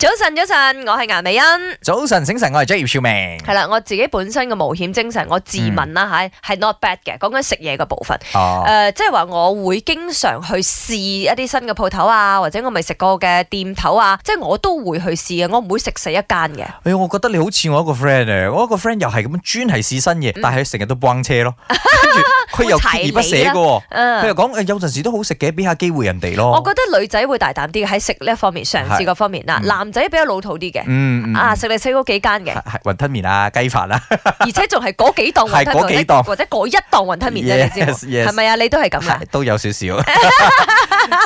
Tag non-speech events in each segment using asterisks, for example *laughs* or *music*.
早晨，早晨，我係顏美欣。早晨，醒晨，我係 J 葉少明。係啦，我自己本身嘅冒險精神，我自問啦吓，係、嗯、not bad 嘅。講緊食嘢嘅部分，誒、啊，即係話我會經常去試一啲新嘅鋪頭啊，或者我未食過嘅店頭啊，即、就、係、是、我都會去試嘅，我唔會食死一間嘅、哎。我覺得你好似我一個 friend 咧、啊，我一個 friend 又係咁樣專係試新嘢，嗯、但係佢成日都崩車咯，跟住佢又鍥而不捨嘅，佢、啊、又講有陣時都好食嘅，俾下機會人哋咯。我覺得女仔會大膽啲喺食呢一方面嘗試嗰方面啦，仔比較老土啲嘅，嗯啊，食你食嗰幾間嘅，雲吞麵啊、雞飯啊，而且仲係嗰幾檔雲吞幾檔或者嗰一檔雲吞麵啫，yes，你知，係咪 yes. 啊？你都係咁嘅，都有少少。 *laughs*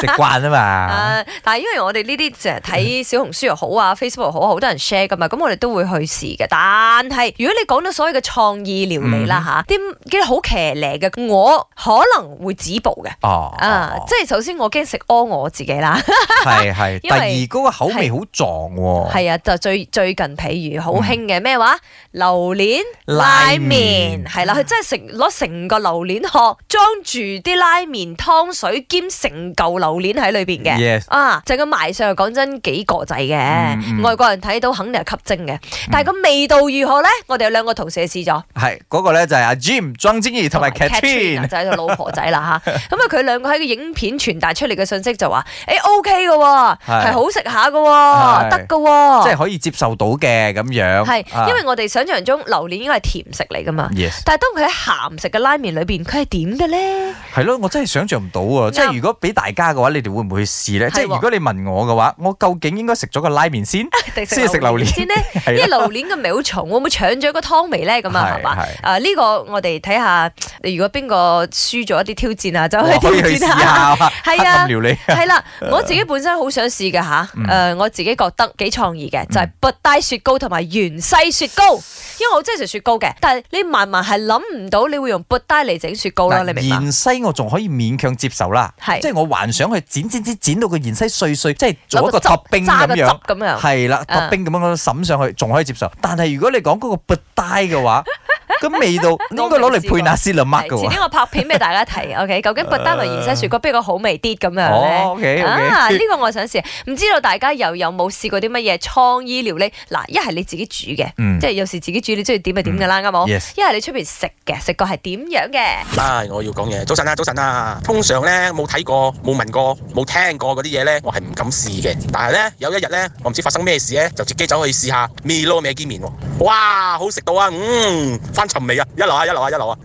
食慣啊嘛，誒，但係因為我哋呢啲成日睇小紅書又好啊，Facebook 又好，好多人 share 噶嘛，咁我哋都會去試嘅。但係如果你講到所謂嘅創意料理啦吓，啲嘅好騎呢嘅，我可能會止步嘅。哦，啊，即係首先我驚食屙我自己啦。係，係。第二嗰個口味好撞喎。係啊，就最最近譬如好興嘅咩話榴蓮拉麵，係啦，佢真係成攞成個榴蓮殼裝住啲拉麵湯水兼成嚿。榴蓮喺裏邊嘅啊，就咁賣相，講真幾國際嘅，外國人睇到肯定係吸睛嘅。但係個味道如何咧？我哋有兩個同事試咗，係嗰個咧就係阿 Jim、莊貞儀和同埋 Captain 仔嘅老婆仔啦吓。咁啊，佢兩個喺個影片傳達出嚟嘅信息就話：誒，OK 嘅，係好食下嘅，得嘅，即係可以接受到嘅咁樣。係，因為我哋想象中榴蓮應該係甜食嚟噶嘛。Yes，但係當佢喺鹹食嘅拉麵裏邊，佢係點嘅咧？係咯，我真係想象唔到啊！即係如果俾大家。家嘅話，你哋會唔會去試咧？即係如果你問我嘅話，我究竟應該食咗個拉麵先，先食榴蓮先咧？因為榴蓮嘅味好重，會唔會搶咗個湯味咧？咁啊，係嘛？啊呢個我哋睇下，如果邊個輸咗一啲挑戰啊，就去挑戰下。係啊，係啦，我自己本身好想試嘅嚇。誒，我自己覺得幾創意嘅，就係拔呆雪糕同埋芫茜雪糕。因為我真係食雪糕嘅，但係你慢慢係諗唔到，你會用拔呆嚟整雪糕啦。你明唔明？芫茜我仲可以勉強接受啦，即係我還。想去剪剪剪剪，剪到佢芫荽碎碎，即係做一個托冰咁樣，係啦，托冰咁樣咁樣滲上去，仲、嗯、可以接受。但係如果你講嗰個撥帶嘅話。 *laughs* 咁 *laughs* 味道，我應該攞嚟配那斯啦麥㗎喎。前啲我拍片俾大家睇 *laughs* ，OK？究竟不丹雲燕西雪糕邊個好味啲咁樣咧？Oh, okay, okay. 啊，呢、這個我想試。唔知道大家又有冇試過啲乜嘢創意料理咧？嗱，一係你自己煮嘅，嗯、即係有時自己煮你中意點就點㗎啦，啱冇、嗯？一係你出邊食嘅，食過係點樣嘅？嗱 Yes.，的我要講嘢。早晨啊，早晨啊。通常咧，冇睇過、冇聞過、冇聽過嗰啲嘢咧，我係唔敢試嘅。但係咧，有一日咧，我唔知道發生咩事咧，就自己走去試一下咩咯咩堅面哇，好食到啊！嗯，尋味啊！一流啊！一流啊！一流啊！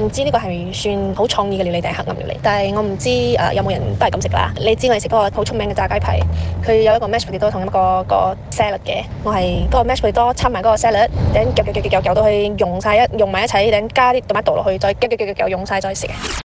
唔知呢個係算好創意嘅料理定係黑暗料理？但係我唔知啊，有冇人都係咁食啦？你知我哋食個好出名嘅炸雞排，佢有一個 mashed potato 同一個個 salad 嘅，我係嗰個 mashed potato 摻埋嗰個 salad，等夾夾夾夾夾到佢融晒一融埋一齊，等加啲 tomato 落去，再夾夾夾夾夾融晒再食。